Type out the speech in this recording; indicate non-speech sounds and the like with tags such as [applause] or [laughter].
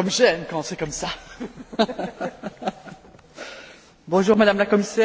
comme j'aime quand c'est comme ça. [laughs] bonjour madame la commissaire et bonjour monsieur le président.